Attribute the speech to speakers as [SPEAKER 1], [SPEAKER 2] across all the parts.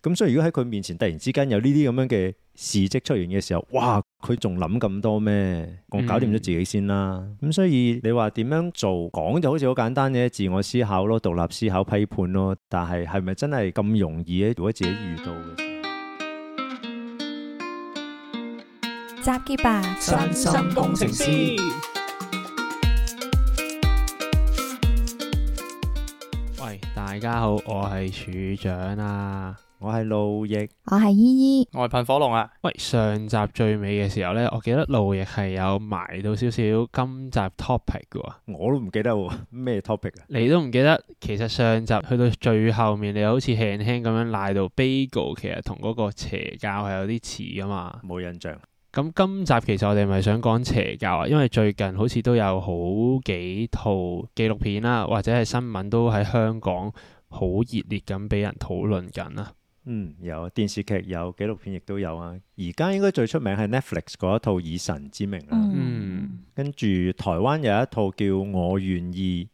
[SPEAKER 1] 咁所以如果喺佢面前突然之間有呢啲咁樣嘅事蹟出現嘅時候，哇！佢仲諗咁多咩？我搞掂咗自己先啦。咁、嗯、所以你話點樣做講就好似好簡單嘅自我思考咯，獨立思考批判咯。但係係咪真係咁容易咧？如果自己遇到嘅時候，
[SPEAKER 2] 集結吧，身心工程師。
[SPEAKER 3] 喂，大家好，我係處長啊！我係路易，
[SPEAKER 2] 我係依依，
[SPEAKER 3] 我係噴火龍啊！喂，上集最尾嘅時候呢，我記得路易係有埋到少少今集 topic 嘅。啊，我都唔記得喎。啊。咩 topic 啊？你都唔記得？其實上集去到最後面，你好似輕輕咁樣拉到 bago，其實同嗰個邪教係有啲似噶嘛？冇印象。咁今集其實我哋咪想講邪教啊，因為最近好似都有好幾套紀錄片啦，啊，或者係新聞都喺香港好熱烈咁俾人討論緊啦。
[SPEAKER 1] 嗯，有電視劇，有紀錄片，亦都有啊。而家應該最出名係 Netflix 嗰一套《以神之名》啦。嗯，跟住台灣有一套叫《我願意》，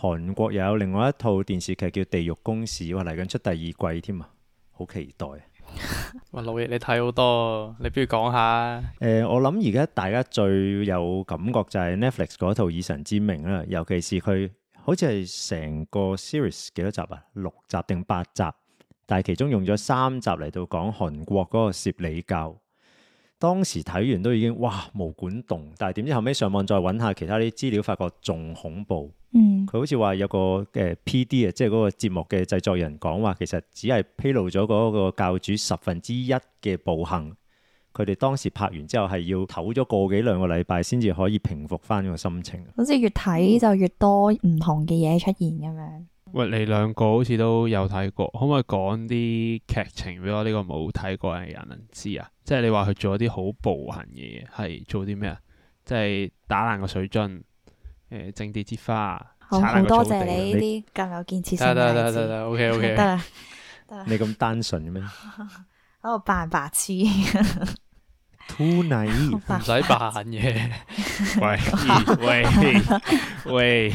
[SPEAKER 1] 韓國有另外一套電視劇叫《地獄公使》。話嚟緊出第二季添啊，好期待
[SPEAKER 4] 啊！ 喂，老爺你睇好多，你不如講下。
[SPEAKER 1] 誒、呃，我諗而家大家最有感覺就係 Netflix 嗰套《以神之名》啦，尤其是佢好似係成個 series 幾多集啊？六集定八集？但係其中用咗三集嚟到講韓國嗰個攝理教，當時睇完都已經哇，毛管動，但係點知後尾上網再揾下其他啲資料，發覺仲恐怖。嗯，佢好似話有個 P.D. 啊，即係嗰個節目嘅製作人講話，其實只係披露咗嗰個教主十分之一嘅暴行。佢哋當時拍完之後係要唞咗
[SPEAKER 3] 個幾兩個禮拜，先至可以平復翻個心情。
[SPEAKER 2] 好似越睇就越多唔同嘅嘢出現咁樣。
[SPEAKER 3] 喂，你兩個好似都有睇過，可唔可以講啲劇情俾我呢個冇睇過嘅人知啊？即係你話佢做一啲好暴行嘅嘢，係做啲咩啊？即係打爛個水樽，誒，整啲之花，好多謝你呢啲更有建設性，得得得得，OK OK。得啦。你咁單純嘅咩？
[SPEAKER 2] 喺度扮白痴。
[SPEAKER 1] Tony，
[SPEAKER 2] 唔使
[SPEAKER 3] 扮嘢。喂喂喂！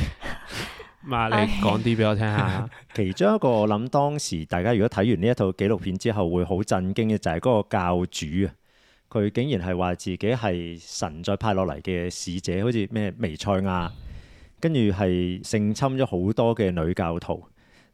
[SPEAKER 3] 你講啲俾我聽下。
[SPEAKER 1] 其中一個我諗當時大家如果睇完呢一套紀錄片之後會好震驚嘅就係嗰個教主啊，佢竟然係話自己係神再派落嚟嘅使者，好似咩彌賽亞，跟住係性侵咗好多嘅女教徒。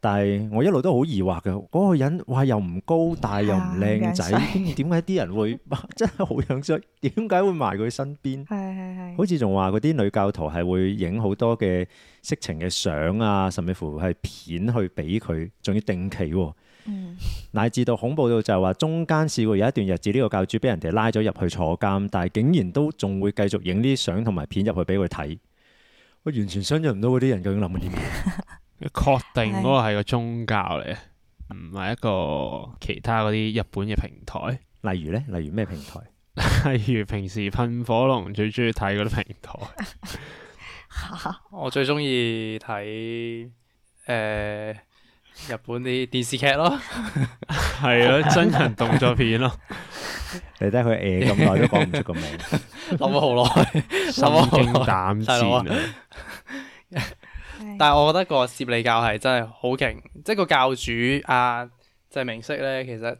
[SPEAKER 1] 但係我一路都好疑惑嘅，嗰、嗰個人哇又唔高大又唔靚仔，點解啲人會真係好樣衰，點解 會埋佢身邊？ 好似仲話嗰啲女教徒係會影好多嘅色情嘅相啊，甚至乎係片去俾佢，仲要定期、哦。嗯，乃至到恐怖到就係話，中間試過有一段日子，呢、這個教主俾人哋拉咗入去坐監，但係竟然都仲會繼續影啲相同埋片入去俾佢睇。我完全想像唔到嗰啲人究竟諗緊啲
[SPEAKER 3] 咩。 確定嗰個係個宗教嚟，唔係一個其他嗰啲日本嘅平台。例如咧，例如咩平台？例如 平時噴火龍最中意睇嗰啲平台。
[SPEAKER 4] 我最中意睇誒日本啲電視劇咯，係
[SPEAKER 3] 咯、 啊，真人動作片咯。 你睇佢誒咁耐都講唔出個名，諗咗好耐， 心驚膽戰
[SPEAKER 1] 但
[SPEAKER 4] 係我覺得個攝理教係真係好勁，即係個教主啊，即係明析咧。其實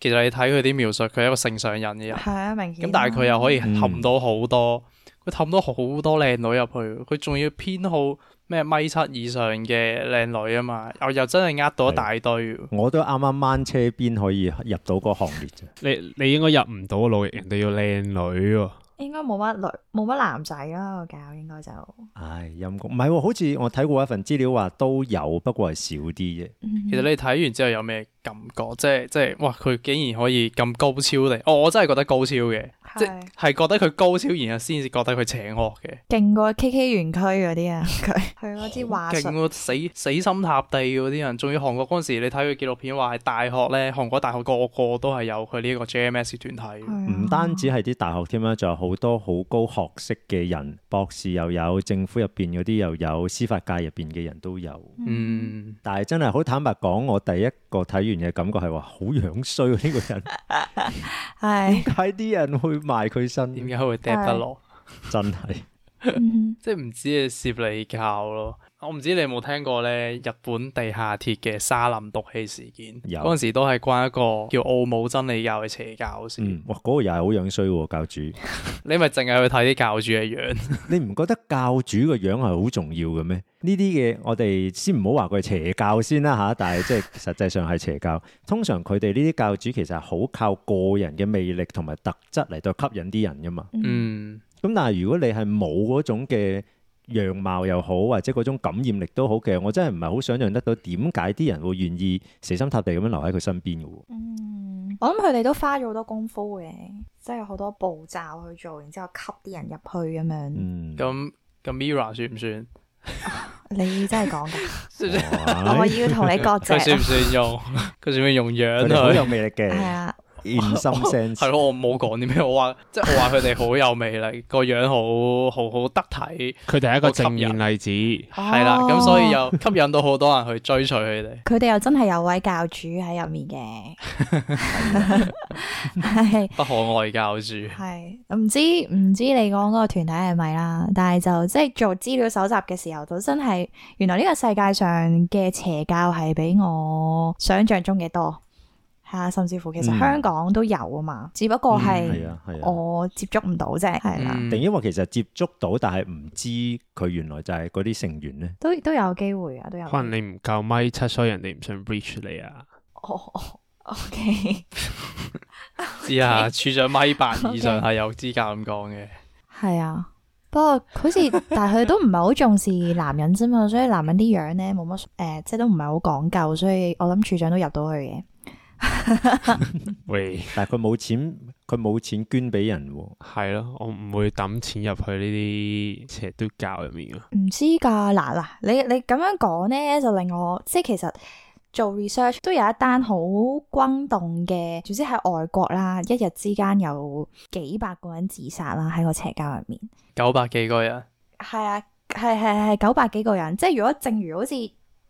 [SPEAKER 4] 其實你睇佢啲描述，佢係一個聖上人嘅人，係啊，
[SPEAKER 2] 明顯，咁但係佢又可以
[SPEAKER 4] 氹到好多，佢氹、嗯、到好多靚女入去，佢仲要偏好咩米七以上嘅靚女啊嘛，又又真係呃到一大堆。
[SPEAKER 1] 我都啱啱掹車邊可以入到個行列啫。你你應該入唔到嘅路，老人哋要靚女、啊
[SPEAKER 2] 應該冇乜女冇乜男仔啊，個教應該就。
[SPEAKER 1] 唉，陰功唔係喎，好似我睇過一份資料話都有，不過係少啲嘅。嗯、
[SPEAKER 2] 哼其實
[SPEAKER 4] 你睇完之後有咩感覺？即係即係哇，佢竟然可以咁高超地、哦，我我真係覺得高超嘅，是即係係覺得佢高超，然後先至覺得佢邪惡嘅。
[SPEAKER 2] 勁過 K K 園區嗰啲啊，佢係嗰啲話術。勁
[SPEAKER 4] 過死死心塌地嗰啲人，仲要韓國嗰陣時，你睇佢紀錄片話係大學咧，韓國大學個個,個都係有佢呢一個 J M S 團體。
[SPEAKER 1] 唔、哎、呦單止係啲大學添啦，仲有好。好多好高學識嘅人，博士又有，政府入邊嗰啲又有，司法界入邊嘅人都有。嗯，但係真係好坦白講，我第一個睇完嘅感覺係話好樣衰呢個人、啊。係點解啲人會賣佢身？點解會跌得落？真係，
[SPEAKER 4] 即係唔止係攝理教咯。我唔知你有冇聽過呢，日本地下鐵嘅沙林毒氣事件，嗰陣有時都係關一個叫奧姆真理教嘅邪教
[SPEAKER 1] 先、嗯。哇，嗰、嗰個又係好樣衰教主，
[SPEAKER 4] 你咪淨係去睇啲教主嘅樣？
[SPEAKER 1] 你唔覺得教主個樣係好重要嘅咩？呢啲嘢我哋先唔好話佢邪教先啦吓，但係即係實際上係邪教。 通常佢哋呢啲教主其實好靠個人嘅魅力同埋特質嚟到吸引啲人㗎嘛。嗯。咁、嗯、但係如果你係冇嗰種嘅。樣貌又好，或者嗰種感染力都好嘅，我真係唔係好想像得到點解啲人會願意死心塌地咁樣留喺佢身邊嘅
[SPEAKER 2] 喎。嗯，我諗佢哋都花咗好多功夫嘅，即係好多步驟去做，然之後吸啲人入去咁樣。嗯，
[SPEAKER 4] 咁咁、嗯、Mira 算唔算？
[SPEAKER 2] 你真係講㗎，我要同你割席。佢算唔算用？
[SPEAKER 4] 佢算唔算用樣啊？佢哋好有魅
[SPEAKER 3] 力嘅。係啊。延伸 sense
[SPEAKER 4] 係咯， 我冇講啲咩，我話即係我話佢哋好有魅力，個 樣好好好得體，
[SPEAKER 3] 佢哋係一個正面，正面例子係
[SPEAKER 2] 啦，咁、哦、所以又
[SPEAKER 4] 吸引到好多人去追隨佢哋。
[SPEAKER 2] 佢哋 又真係有位教主喺入面嘅，
[SPEAKER 4] 不可外教主
[SPEAKER 2] 係。唔知唔知你講嗰個團體係咪啦？但係就即係、就是、做資料搜集嘅時候，就真係原來呢個世界上嘅邪教係比我想象中嘅多。係啊，甚至乎其實香港都有啊嘛，嗯、只不過係、嗯啊啊、我接觸唔到啫，係啦。定、
[SPEAKER 1] 嗯、因為其實接觸到，但係唔知佢原來就係嗰啲成員咧，
[SPEAKER 2] 都都有機會啊，都有機
[SPEAKER 3] 會。可能你唔夠米七，所以人哋唔想 reach 你啊。
[SPEAKER 2] 哦，OK，知啊道，Okay. 處長米八以上係
[SPEAKER 3] 有資格咁講嘅。
[SPEAKER 2] 係 Okay. 啊，不過好似 但係佢都唔係好重視男人啫嘛，所以男人啲樣咧冇乜誒，即係都唔係好講究，所以我諗處長都入到去嘅。
[SPEAKER 3] 喂， 但係佢冇錢，佢冇錢捐俾人喎。係咯， 我唔會抌錢入去呢啲邪都教入面噶。
[SPEAKER 2] 唔知噶，嗱嗱，你你咁樣講呢，就令我即係其實做 research 都有一單好轟動嘅，總之喺外國啦，一日之間有幾百個人自殺啦，喺個邪教入面，
[SPEAKER 4] 九百幾個人，
[SPEAKER 2] 係啊，係係係九百幾個人，即係如果正如好似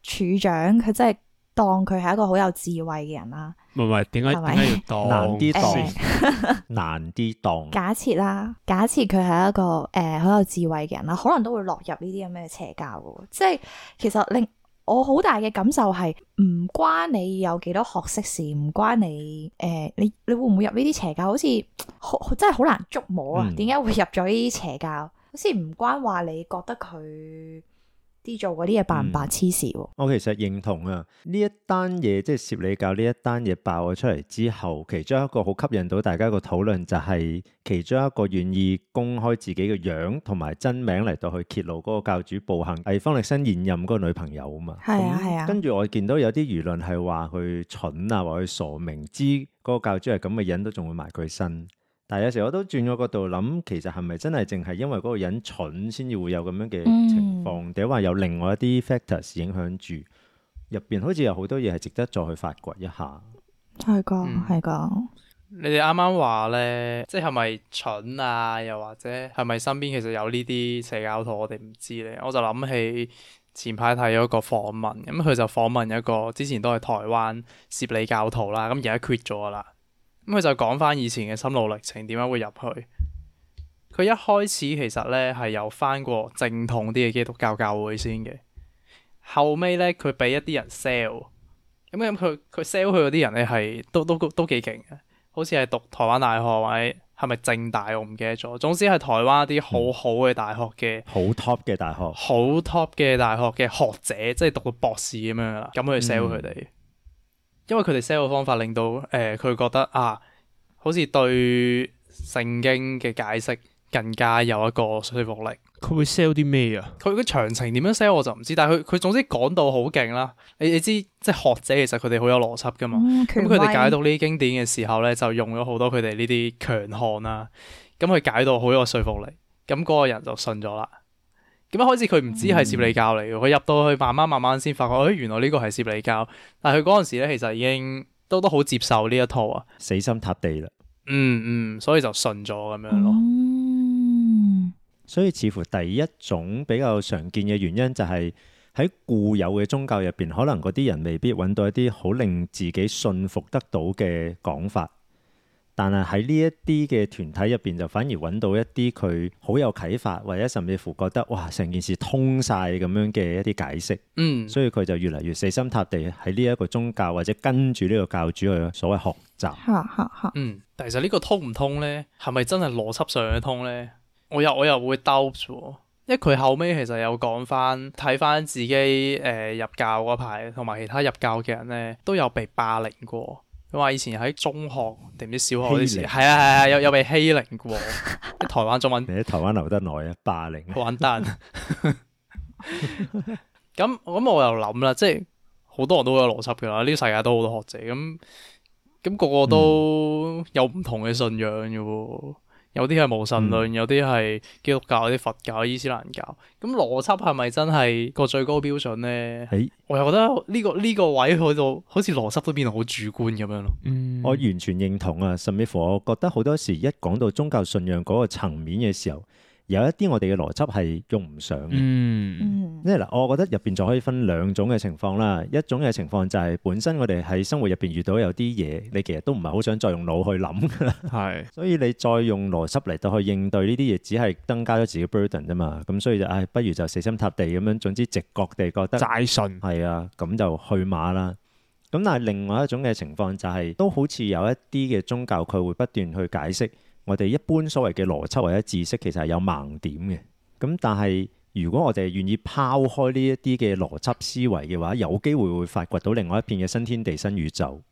[SPEAKER 2] 處長，佢真係當佢係一個好有智慧嘅人啦。
[SPEAKER 1] 唔係唔係，點解點解要當難啲當？了哎、難啲當。假
[SPEAKER 2] 設啦，假設佢係一個誒好、呃、有智慧嘅人啦，可能都會落入呢啲咁嘅邪教嘅。即係其實令我好大嘅感受係，唔關你有幾多學識事，唔關你誒、呃，你你會唔會入呢啲邪教？好似好真係好難捉摸啊！點解、嗯、會入咗呢啲邪教？好似唔關話你覺得佢。啲做嗰啲嘢白唔白黐事、嗯？
[SPEAKER 1] 我其實認同啊，呢一單嘢即係攝理教呢一單嘢爆咗出嚟之後，其中一個好吸引到大家個討論就係其中一個願意公開自己嘅樣同埋真名嚟到去揭露嗰個教主暴行，係方力申現任嗰個女朋友啊嘛。係啊係啊。啊嗯、跟住我見到有啲輿論係話佢蠢啊，話佢傻明，明知嗰個教主係咁嘅人都仲會埋佢身。但有時我都轉個角度諗，其實係咪真係淨係因為嗰個人蠢先至會有咁樣嘅情況？定話、嗯、有另外一啲 factors 影響住，入面好似有好多嘢係值得再去發掘一下。
[SPEAKER 2] 係噶，係噶。
[SPEAKER 4] 你哋啱啱話咧，即係咪蠢啊？又或者係咪身邊其實有呢啲邪教徒？我哋唔知咧。我就諗起前排睇咗一個訪問，咁、嗯、佢就訪問一個之前都係台灣攝理教徒啦，咁而家 quit 咗啦。咁佢、嗯、就講翻以前嘅心路歷程，點樣會入去？佢一開始其實呢係有翻過正統啲嘅基督教教會先嘅，後尾呢，佢俾一啲人 sell。咁咁佢佢 sell 佢嗰啲人呢係都都都幾勁嘅，好似係讀台灣大學或者係咪政大我唔記得咗。總之係台灣一啲好好嘅大學嘅，好、嗯、top 嘅大學，好 top 嘅大學嘅學者，即係讀個博士咁樣啦，咁去 sell 佢哋。因為佢哋 sell 嘅方法令到誒，佢、呃、覺得啊，好似對聖經嘅解釋更加有一個說服力。佢會 sell 啲咩啊？佢嗰詳情點樣 sell 我就唔知，但係佢佢總之講到好勁啦。你你知即係學者，其實佢哋好有邏輯噶嘛。咁佢哋解讀呢啲經典嘅時候咧，就用咗好多佢哋呢啲強項啦。咁、嗯、佢解到好有個說服力，咁嗰個人就信咗啦。咁一開始佢唔知係攝理教嚟嘅，佢入到去，慢慢慢慢先發覺，誒、哎，原來呢個係攝理教。但係佢嗰陣時咧，其實已經都都好接受呢一
[SPEAKER 1] 套啊，死心塌地啦。
[SPEAKER 4] 嗯嗯，所以就信咗咁樣咯。嗯、
[SPEAKER 1] 所以似乎第一種比較常見嘅原因就係、是、喺固有嘅宗教入邊，可能嗰啲人未必揾到一啲好令自己信服得到嘅講法。但係喺呢一啲嘅團體入邊，就反而揾到一啲佢好有啟發，或者甚至乎覺得哇，成件事通晒咁樣嘅一啲解釋。嗯，所以佢就越嚟越死心塌地喺呢一個宗教或者跟住呢個教主去所謂學習。嚇
[SPEAKER 2] 嚇嚇！嗯，但係
[SPEAKER 4] 其實呢個通唔通呢？係咪真係邏輯上嘅通呢？我又我又會 doubt 喎，因為佢後尾其實有講翻睇翻自己誒、呃、入教嗰排，同埋其他入教嘅人呢，都有被霸凌過。佢話以前喺中學定唔知小學嗰時，係啊係啊，有有被欺凌過。 台灣中文，你喺
[SPEAKER 1] 台灣留得耐啊，霸凌。
[SPEAKER 4] 玩 蛋。 咁咁我又諗啦，即係好多人都有邏輯嘅啦，呢世界都好多學者，咁咁、那個個都有唔同嘅信仰嘅喎。嗯有啲係無神論，有啲係基督教、有啲佛教、伊斯蘭教，咁邏輯係咪真係個最高標準咧？哎、我又覺得呢、這個呢、這個位去到，好似邏輯都變到好主觀咁樣咯。嗯、
[SPEAKER 1] 我完全認同啊，甚至乎我覺得好多時一講到宗教信仰嗰個層面嘅時候。有一啲我哋嘅邏輯係用唔上嘅，因為嗱，我覺得入邊就可以分兩種嘅情況啦。一種嘅情況就係本身我哋喺生活入邊遇到有啲嘢，你其實都唔係好想再用腦去諗嘅啦。係，所以你再用邏輯嚟到去應對呢啲嘢，只係增加咗自己 burden 啫嘛。咁所以就唉，不如就死心塌地咁樣，總之直覺地覺得齋信係啊，咁就去馬啦。咁但係另外一種嘅情況就係都好似有一啲嘅宗教佢會不斷去解釋。我哋一般所謂嘅邏輯或者知識其實係有盲點嘅，咁但係如果我哋願意拋開呢一啲嘅邏輯思維嘅話，有機會會發掘到另外一片嘅新天地、新宇宙。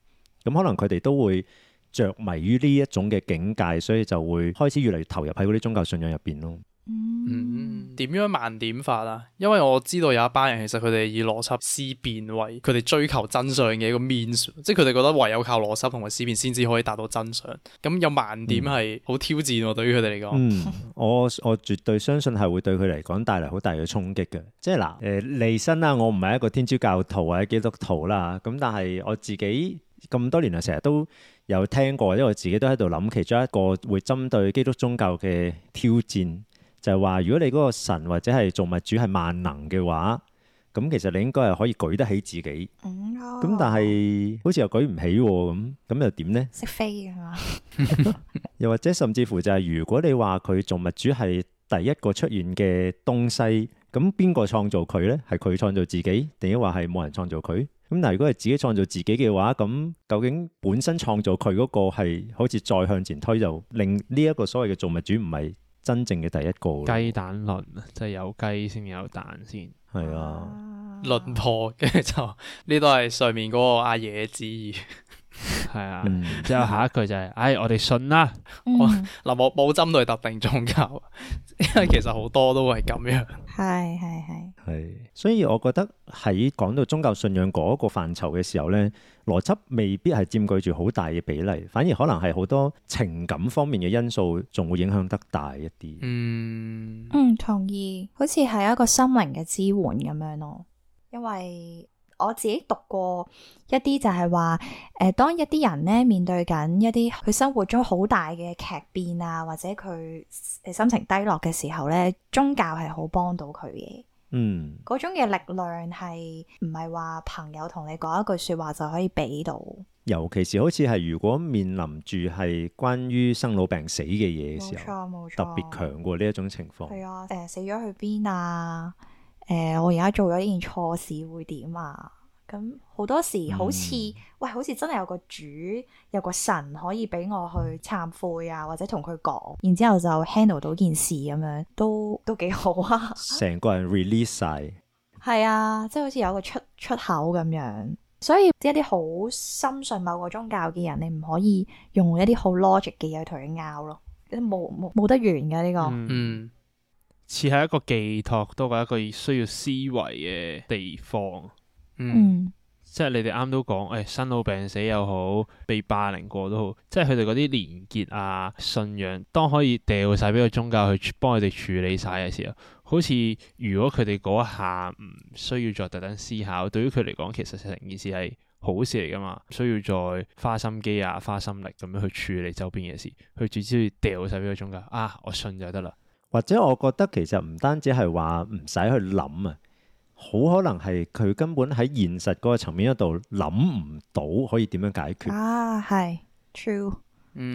[SPEAKER 1] 咁可能佢哋都會着迷於呢一種嘅境界，所以就會開始越嚟越投入喺嗰啲宗教信仰入邊咯。
[SPEAKER 4] 嗯，點樣慢點法啊？因為我知道有一班人其實佢哋以邏輯、思辨為佢哋追求真相嘅一個 means 即係佢哋覺得唯有靠邏輯同埋思辨先至可以達到真相。咁有慢點係好挑戰、啊，嗯、對於佢哋嚟講，
[SPEAKER 1] 我我絕對相信係會對佢嚟講帶嚟好大嘅衝擊嘅。即係嗱，誒、呃，離身啦，我唔係一個天主教徒或者基督徒啦，咁但係我自己咁多年啊，成日都有聽過，因為我自己都喺度諗其中一個會針對基督宗教嘅挑戰。就係話，如果你嗰個神或者係造物主係萬能嘅話，咁其實你應該係可以舉得起自己。咁、嗯哦、但係好似又舉唔起喎、哦，咁咁又點呢？識
[SPEAKER 2] 飛啊嘛？
[SPEAKER 1] 又或者甚至乎就係、是、如果你話佢造物主係第一個出現嘅東西，咁邊個創造佢呢？係佢創造自己，定抑或係冇人創造佢？咁但係如果係自己創造自己嘅話，咁究竟本身創造佢嗰個係好似再向前推就，就令呢一個所謂嘅造物主唔係？真正嘅
[SPEAKER 3] 第一個雞蛋論，即係有雞先有蛋先，係啊，論
[SPEAKER 4] 破，跟住就呢都係上面嗰個阿爺嘅旨意。 係啊，
[SPEAKER 3] 之後下一句就係，哎，我哋信啦。
[SPEAKER 4] 嗱，我冇針對特定宗教，
[SPEAKER 2] 因為其實
[SPEAKER 4] 好多都係咁樣。
[SPEAKER 2] 係係係
[SPEAKER 1] 係，所以我覺得喺講到宗教信仰嗰個範疇嘅時候咧，邏輯未必係佔據住好大嘅比例，反而可能係好多情感方面嘅因素，仲會影響得大一啲。嗯
[SPEAKER 2] 嗯，同意，好似係一個心靈嘅支援咁樣咯，因為。我自己讀過一啲就係話，誒、呃，當一啲人咧，面對緊一啲佢生活中好大嘅劇變啊，或者佢誒心情低落嘅時候咧，宗教係好幫到佢嘅。嗯，嗰種嘅力量係唔係話朋友同你講一句說話就可以俾到。
[SPEAKER 1] 尤其是好似係如果面臨住係關於生老病死嘅嘢嘅時候，冇錯冇錯，錯特別強過呢一
[SPEAKER 2] 種情況。係、嗯呃，、啊，誒，死咗去邊啊？誒、呃，我而家做咗呢件錯事，會點啊？咁好多時好似，嗯、喂，好似真係有個主，有個神可以俾我去懺悔啊，或者同佢講，然之後就 handle 到件事咁樣，都都幾好啊！
[SPEAKER 1] 成 個人 release 晒，
[SPEAKER 2] 係啊，即係好似有個出出口咁樣。所以一啲好深信某個宗教嘅人，你唔可以用一啲好 logic 嘅嘢同佢拗咯，冇冇冇得完嘅呢、呢個，嗯。嗯
[SPEAKER 3] 似係一個寄託，多過一個需要思維嘅地方。嗯，嗯，即係你哋啱都講，誒、哎，生老病死又好，被霸凌過都好，即係佢哋嗰啲連結啊、信仰，當可以掉晒俾個宗教去幫佢哋處理晒嘅時候，好似如果佢哋嗰一下唔需要再特登思考，對於佢嚟講，其實成件事係好事嚟噶嘛，需要再花心機啊、花心力咁樣去處理周邊嘅事，佢最主要掉晒俾個宗教啊，我信就得啦。
[SPEAKER 1] 或者我覺得其實唔單止係話唔使去諗啊，好可能係佢根本喺現實嗰個層面度諗唔到可以點樣解決
[SPEAKER 2] 啊係，true，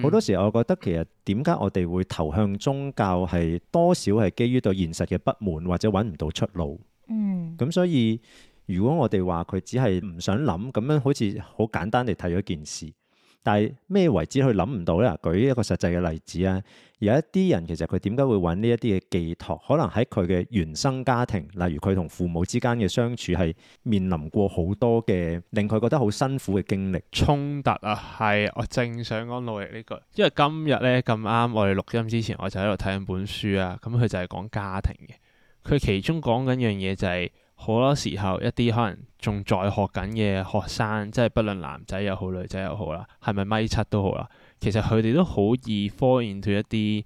[SPEAKER 2] 好多時
[SPEAKER 1] 我覺得其實點解我哋會投向宗教係多少係基於對現實嘅不滿或者揾唔到出路，咁、嗯、所以如果我哋話佢只係唔想諗咁樣，好似好簡單地睇咗一件事。但係咩為止佢諗唔到咧？舉一個實際嘅例子啊，有一啲人其實佢點解會揾呢一啲嘅寄託？可能喺佢嘅原生家庭，例如佢同父母之間嘅相處係面臨過好多嘅令佢覺得好辛苦嘅經歷。衝突啊，
[SPEAKER 3] 係我正想講努力呢句，因為今日咧咁啱我哋錄音之前，我就喺度睇緊本書啊，咁佢就係講家庭嘅，佢其中講緊樣嘢就係。好多時候，一啲可能仲在學緊嘅學生，即係不論男仔又好，女仔又好啦，係咪米七都好啦，其實佢哋都好易 fall into 一啲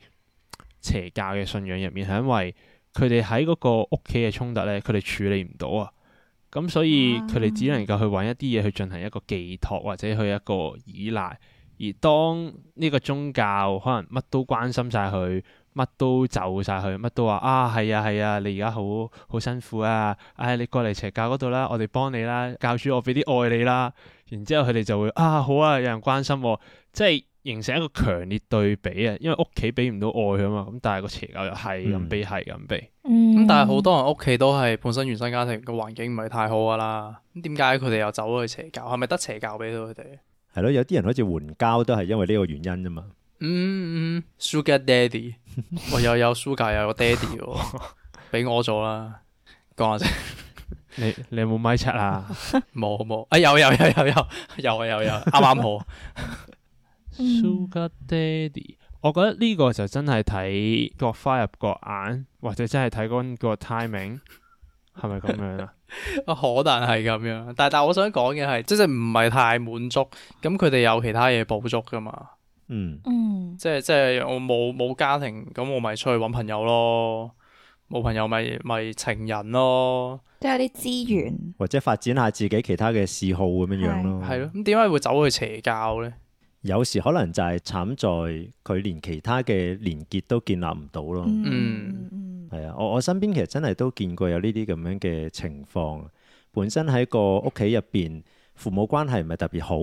[SPEAKER 3] 邪教嘅信仰入面，係因為佢哋喺嗰個屋企嘅衝突咧，佢哋處理唔到啊，咁所以佢哋只能夠去揾一啲嘢去進行一個寄託或者去一個依賴，而當呢個宗教可能乜都關心晒佢。乜都就晒佢，乜都話啊，係啊係啊，你而家好好辛苦啊！唉、哎，你過嚟邪教嗰度啦，我哋幫你啦，教主我俾啲愛你啦。然之後佢哋就會啊，好啊，有人關心，即係形成一個強烈對比啊。因為屋企俾唔到愛啊嘛，咁但係個邪教又係咁俾，係咁俾。嗯。咁但係好多人屋企都係本身原生家庭個環境唔係太好
[SPEAKER 4] 噶啦，咁點解佢哋又走咗去邪教？係咪得邪教俾到佢哋？
[SPEAKER 1] 係咯，有啲人好似援交都係因為呢個原因啫嘛。嗯嗯、mm mm,
[SPEAKER 4] oh，Sugar Daddy，我又有 Sugar 又有 Daddy 俾我做啦。講下先，
[SPEAKER 3] 你你有冇米七啊？冇冇啊？有有有有有有有有啱啱好。
[SPEAKER 4] Sugar
[SPEAKER 3] Daddy， 我覺得呢個就真係睇各花入各眼，或者真係睇嗰個 timing 係咪咁樣啊？
[SPEAKER 4] 可能係咁樣，但但我想講嘅係，即係唔係太滿足，咁佢哋有其他嘢補足噶嘛？
[SPEAKER 2] 嗯，
[SPEAKER 4] 即係即係我冇冇家庭，咁我咪出去搵朋友咯，冇朋友咪咪情人咯，
[SPEAKER 2] 即係啲資源
[SPEAKER 1] 或者發展下自己其他嘅嗜好咁樣樣咯，係
[SPEAKER 4] 咯，咁點解會走去邪教呢？
[SPEAKER 1] 有時可能就係慘在佢連其他嘅連結都建立唔到咯，嗯，係啊，嗯，我我身邊其實真係都見過有呢啲咁樣嘅情況，本身喺個屋企入邊父母關係唔係特別好。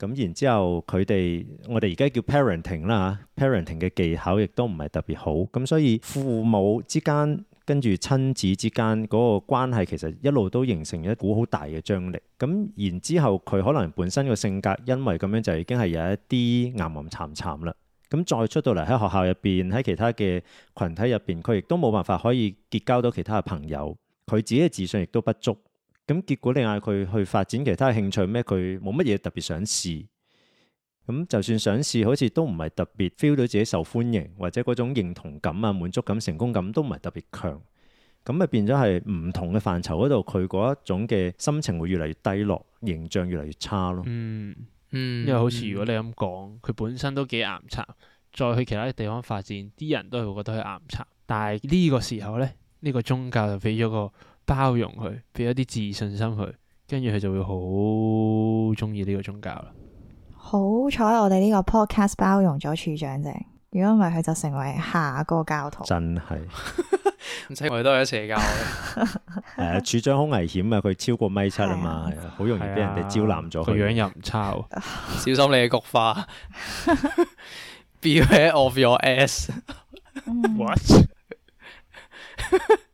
[SPEAKER 1] 咁然之後，佢哋我哋而家叫 parent parenting 啦嚇，parenting 嘅技巧亦都唔係特別好，咁所以父母之間跟住親子之間嗰個關係，其實一路都形成一股好大嘅張力。咁然之後，佢可能本身個性格因為咁樣就已經係有一啲岩岩慘慘啦。咁再出到嚟喺學校入邊，喺其他嘅群體入邊，佢亦都冇辦法可以結交到其他嘅朋友，佢自己嘅自信亦都不足。咁結果你嗌佢去發展其他興趣咩？佢冇乜嘢特別想試。咁就算想試，好似都唔係特別 feel 到自己受歡迎，或者嗰種認同感啊、滿足感、成功感都唔係特別強。咁咪變咗係唔同嘅範疇嗰度，佢嗰一種嘅心情會越嚟越低落，形象越嚟越差咯、嗯。
[SPEAKER 3] 嗯嗯。因為好似如果你咁講，佢、嗯、本身都幾岩茶，再去其他地方發展，啲人都會覺得佢岩茶。但係呢個時候呢，呢、呢個宗教就俾咗個。包容佢，俾一啲自信心佢，跟住佢就會好中意呢個宗教啦。
[SPEAKER 2] 好彩我哋呢個 podcast 包容咗處長啫，如果唔係佢就成為下個教徒。
[SPEAKER 1] 真係唔使
[SPEAKER 4] 我哋都係邪教。
[SPEAKER 1] 誒，處長好危險啊，佢超過米七啊嘛，好容易俾人哋招攬咗。佢樣又唔差，
[SPEAKER 4] 小心你嘅菊花。Beware of your ass.
[SPEAKER 3] What？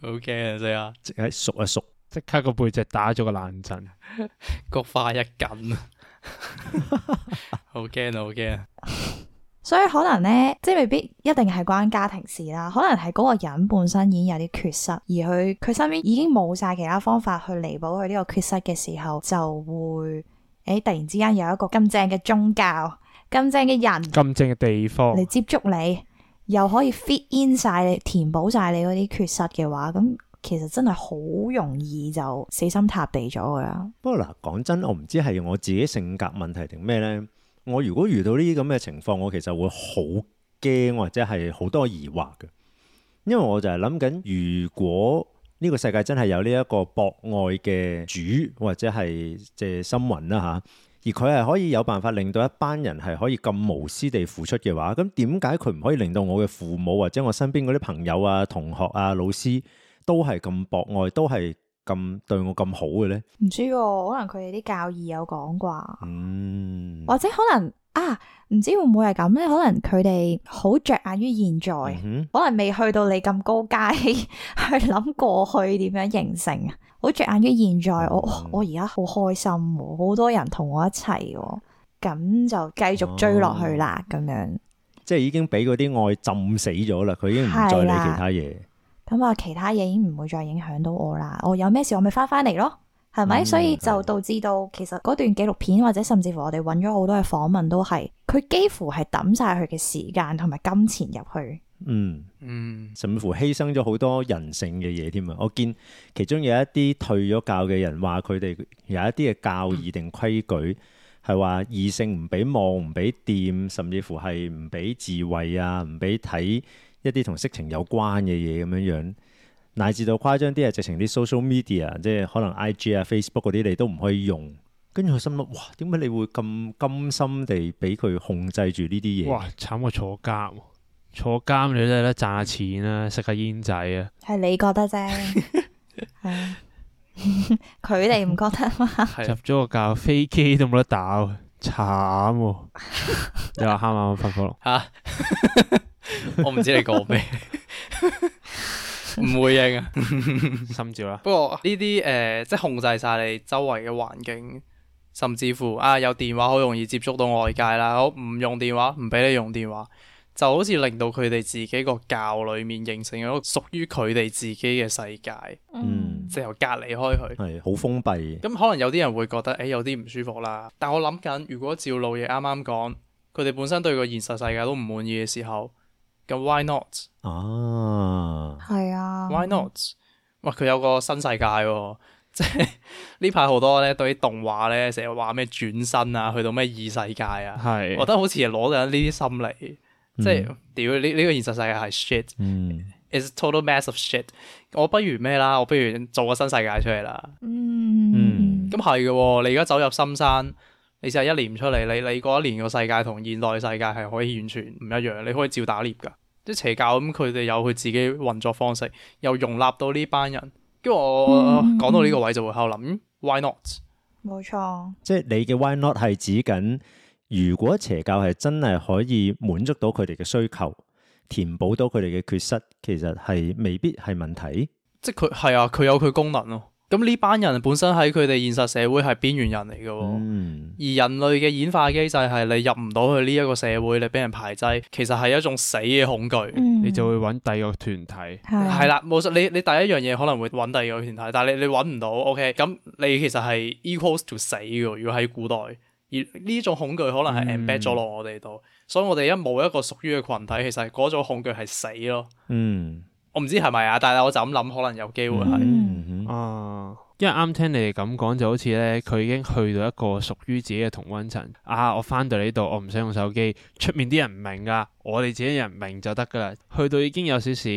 [SPEAKER 4] 好驚啊！即刻
[SPEAKER 3] 即係熟啊熟，即刻個背脊打咗個冷震，
[SPEAKER 4] 菊花一緊，好驚好驚。
[SPEAKER 2] 所以可能咧，即係未必一定係關家庭事啦，可能係嗰個人本身已經有啲缺失，而佢佢身邊已經冇晒其他方法去彌補佢呢個缺失嘅時候，就會誒突然之間有一個咁正嘅宗教、咁正嘅人、咁
[SPEAKER 3] 正嘅地方嚟
[SPEAKER 2] 接觸你。又可以 fit in 晒你，填補晒你嗰啲缺失嘅話，咁其實真係好容易就死心塌地咗噶。
[SPEAKER 1] 不過嗱，講真，我唔知係我自己性格問題定咩呢？我如果遇到呢啲咁嘅情況，我其實會好驚，或者係好多疑惑嘅。因為我就係諗緊，如果呢個世界真係有呢一個博愛嘅主，或者係即係神啦吓。啊而佢係可以有辦法令到一班人係可以咁無私地付出嘅話，咁點解佢唔可以令到我嘅父母或者我身邊嗰啲朋友啊、同學啊、老師都係咁博愛，都係咁對我
[SPEAKER 2] 咁好嘅呢？唔知喎、啊，可能佢哋啲教義有講啩，嗯，或者可能。啊，唔知會唔會係咁咧？可能佢哋好着眼於現在，mm hmm. 可能未去到你咁高階 去諗過去點樣形成啊，好着眼於現在。Mm hmm. 我我而家好開心、啊，好多人同我一齊、啊，咁就繼續追落去啦。咁、oh. 樣，
[SPEAKER 1] 即係已經俾嗰啲愛浸死咗啦。佢已經唔再理其他嘢。
[SPEAKER 2] 咁啊，其他嘢已經唔會再影響到我啦。我有咩事，我咪翻翻嚟咯。係咪？所以就導致到，其實嗰段紀錄片或者甚至乎我哋揾咗好多嘅訪問都係，佢幾乎係抌晒佢嘅時間同埋金錢入去。
[SPEAKER 1] 嗯嗯，甚至乎犧牲咗好多人性嘅嘢添啊！我見其中有一啲退咗教嘅人話，佢哋有一啲嘅教義定規矩，係話異性唔俾望、唔俾掂，甚至乎係唔俾自慰啊、唔俾睇一啲同色情有關嘅嘢咁樣樣。乃至到誇張啲係直情啲 social media，即係可能 IG 啊、Facebook 嗰啲你都唔可以用，跟住佢心諗哇，點解你會咁甘心地
[SPEAKER 3] 俾佢控制住呢啲嘢？哇！慘過坐監，坐監你都係得賺下錢啦、啊，食下煙仔啊。
[SPEAKER 2] 係你覺得啫，佢哋唔覺得嘛？入
[SPEAKER 3] 咗個教飛機都冇得打，慘喎、啊！又啱啱翻咯嚇， 我唔知你講咩。 唔回應啊， 心照啦。
[SPEAKER 4] 不過呢啲誒，uh, 即係控制晒你周圍嘅環境，甚至乎啊有電話好容易接觸到外界啦。我唔用電話，唔俾你用電話，就好似令到佢哋自己個教裏面形成一個屬於佢哋自己嘅世界，嗯，即係隔離開佢，
[SPEAKER 1] 係好、嗯、封閉。
[SPEAKER 4] 咁可能有啲人會覺得誒、哎、有啲唔舒服啦。但我諗緊，如果照老爺啱啱講，佢哋本身對個現實世界都唔滿意嘅時候。咁 Why not？
[SPEAKER 1] 啊，係
[SPEAKER 4] 啊。Why not？哇，佢有個新世界喎，啊，即係呢排好多咧，對啲動畫咧成日話咩轉身啊，去到咩異世界啊，
[SPEAKER 3] 係是，我覺得好似
[SPEAKER 4] 係攞緊呢啲心理，嗯、即係屌呢呢個現實世界係 shit，嗯，it's total mess of shit，我不如咩啦，我不如做個新世界出嚟啦，
[SPEAKER 1] 嗯，
[SPEAKER 4] 咁係嘅，你而家走入深山。你就係一年唔出嚟，你你嗰一年嘅世界同現代世界係可以完全唔一樣，你可以照打獵噶，即邪教咁，佢哋有佢自己運作方式，又容納到呢班人。
[SPEAKER 2] 跟住我講、嗯嗯、到呢個位
[SPEAKER 4] 就會喺度諗、嗯、why not？
[SPEAKER 2] 冇錯錯，
[SPEAKER 1] 即係你嘅 why not 係指緊，如果邪教係真係可以滿足到佢哋嘅需求，填補到佢哋嘅缺失，其實係未必係問題。
[SPEAKER 4] 即係佢係啊，佢有佢功能咯。
[SPEAKER 1] 咁呢班人
[SPEAKER 4] 本身喺佢哋現實社會係邊緣人嚟嘅。哦，
[SPEAKER 1] 嗯、
[SPEAKER 4] 而人類嘅演化機制係你入唔到去呢一個社會，你俾人排擠，其實係一種死嘅恐懼，嗯、你就會揾第二個團體。係啦，冇錯，你你第一樣嘢可能會揾第二個團體，但係你你揾唔到，OK，咁你其實係 equals to 死嘅，如果喺古代，而呢種恐懼可能係 embed 咗落我哋度，所以我哋一冇一個屬於嘅群體，其實嗰種恐懼係死咯。嗯我唔知係咪啊，但係我就咁諗，可能有機會係。嗯嗯嗯
[SPEAKER 3] 啊因為啱聽你哋咁講，就好似咧佢已經去到一個屬於自己嘅同溫層啊！我翻到嚟呢度，我唔使用，用手機。出面啲人唔明噶、啊，我哋自己人明就得噶啦。去到已經有少少，